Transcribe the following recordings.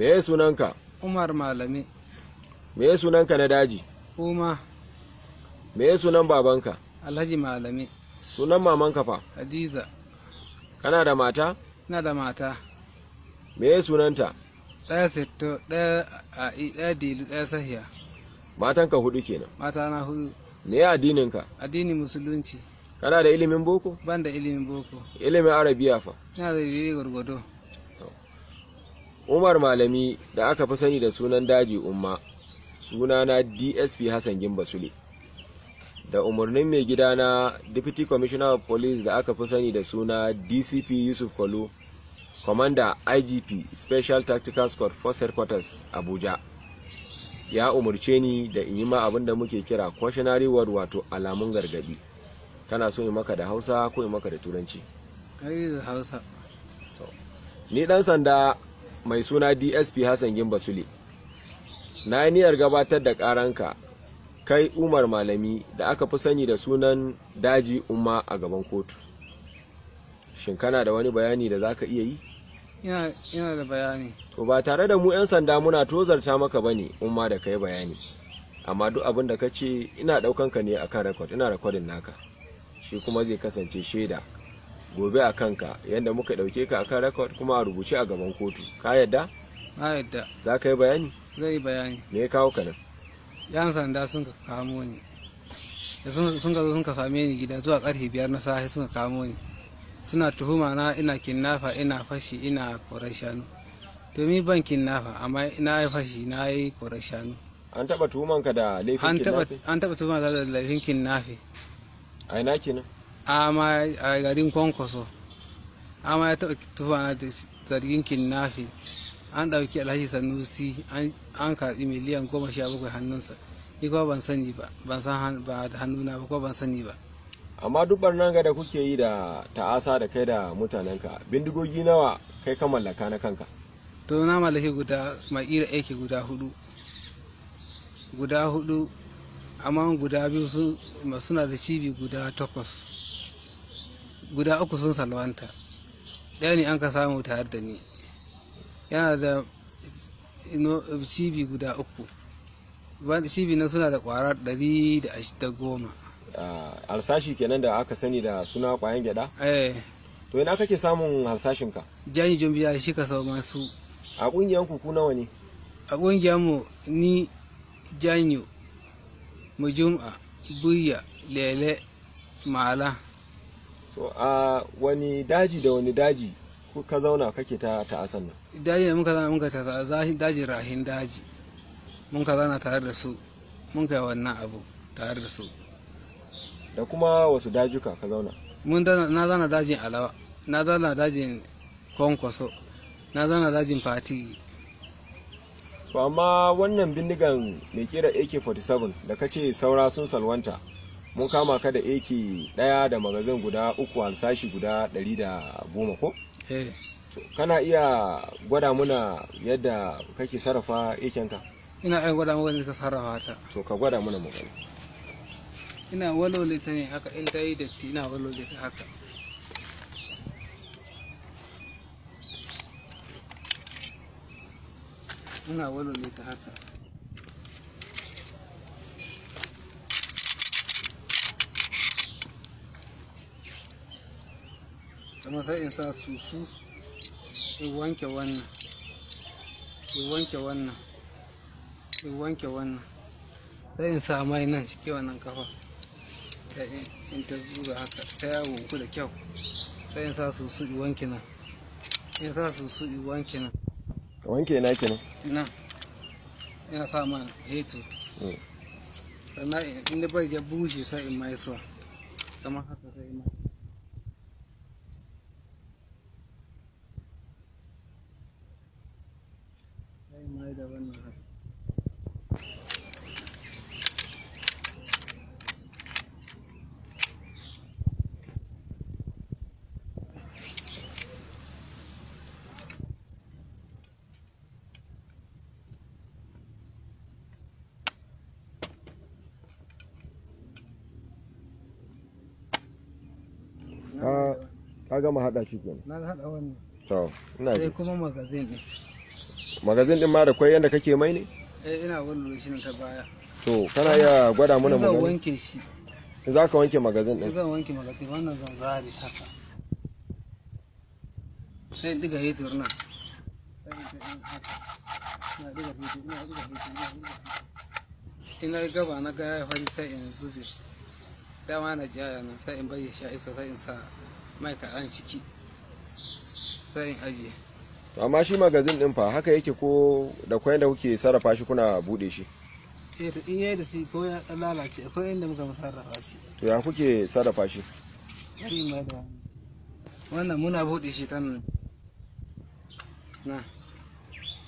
me ya sunanka umar malami me ya sunanka na daji uma me ya sunan babanka alhaji malami sunan mamanka fa hadiza kana da mata ina da mata me ya sunanta ɗaya sito ɗaya a ɗaya dilu ɗaya sahiya matanka hudu kenan mata na hudu me ya addininka addini musulunci kana da ilimin boko ban da ilimin boko ilimin arabiya fa ina da ilimin gwargwado umar malami da aka fi sani da sunan daji umma sunana dsp hassan gimba sule da umarnin mai gida na deputy commissioner of police da aka fi sani da suna dcp yusuf kwallo commander igp special tactical squad force headquarters abuja ya umarce ni da in yi ma abin da muke kira kwashinari word wato alamun gargadi kana so yi maka da hausa ko yi maka da turanci ni dan sanda mai suna dsp hassan gimba sule na yi niyyar gabatar da karanka kai umar malami da aka fi sani da sunan daji umma a gaban kotu shin kana da wani bayani da za ka iya yi yana da bayani to ba tare da mu 'yan sanda muna tozarta maka ba ne umma da kai bayani amma duk abin da ka ce ina ɗaukanka ne akan rekod ina rekodin naka shi kuma zai kasance shaida gobe a kanka yadda muka ɗauke ka akan record kuma a rubuce a gaban kotu ka yadda na yadda za ka yi bayani zai yi bayani me kawo ka nan yan sanda sun ka kamo ni sun ka zo sun ka same ni gida zuwa karfe biyar na safe sun ka kamo ni suna tuhuma na ina kinnafa ina fashi ina korar shanu domin ban kinnafa amma na yi fashi na yi korar shanu an taba tuhuman ka da laifin kinnafe an taba tuhuman ka da laifin kinnafe a ina kenan ama a garin kwankwaso ama ya taɓa tufa da zargin kinnafi an ɗauki alhaji sanusi an karɓi miliyan goma sha bakwai hannunsa ni kuma ban sani ba ban san ba da hannuna ba kuma ban sani ba amma duk barnan ga da kuke yi da ta'asa da kai da mutanenka bindigogi nawa kai ka mallaka na kanka to na mallaki guda mai ira aiki guda hudu guda hudu amma guda biyu suna da cibi guda takwas guda uku sun salwanta ɗaya ne an ka samu tare da ni yana da cibi guda uku cibi na suna da ƙwara ɗari da goma ah, harsashi kenan da aka sani da suna ƙwayan gyaɗa? Eh. to ina kake samun harsashinka? jani jumbiya shi ka sau masu a ƙungiyar ku nawa ne? a ƙungiyar mu ni janyo mu jum'a buya lele mala to a wani daji da wani daji ka zauna kake ta ta'asan nan daji da muka zauna muka ta daji rahin daji mun ka zauna tare da su mun kai wannan abu tare da su da kuma wasu dajuka ka zauna mun na zauna dajin alawa na zauna dajin kwankwaso na zauna dajin fati to amma wannan bindigan mai kira ak-47 da ka ce saura sun salwanta mun kama ka da eki daya da magazin guda uku sashi guda ɗari da goma ko? Eh. kana iya gwada muna yadda kake sarrafa ka? ina iya gwada muna yadda ka sarrafa ta to ka gwada muna magana ina walole ta ne haka in ta yi datti ina walole ta haka ina walole ta haka kamar sai in sa susu in wanke wannan in wanke wannan in wanke wannan sai in sa mai nan cike wannan kafa sai in ta zuba haka ta yawo ku da kyau sai in sa susu in wanke nan in sa susu in wanke nan wanke na kenan na ina sa man heto mm. sannan in da bai ya bushe sai in mai suwa kamar haka sai in mai ka gama hada shi kenan na hada wannan to ina ji sai kuma magazin magazin din ma da kwai yanda kake mai ne eh ina gwada shi ta baya to kana iya gwada mana mu zan wanke shi za ka wanke magazin din zan wanke magazin wannan zan zare haka sai diga hitir nan ina gaba na ga ya fari sai in zube dama na jaya nan sai in bayyana shi aika sai in sa mai kaɗan ciki sai in ajiye to amma shi magazin din fa haka yake ko da kwai da kuke sarrafa shi kuna bude shi eh to in yayi da shi ko ya lalace akwai inda muka sarrafa shi to ya kuke sarrafa shi wannan muna bude shi tan na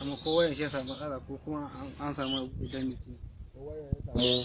amma ko wayan shi ya samu matsala ko kuma an samu idan ne ko wayan ya samu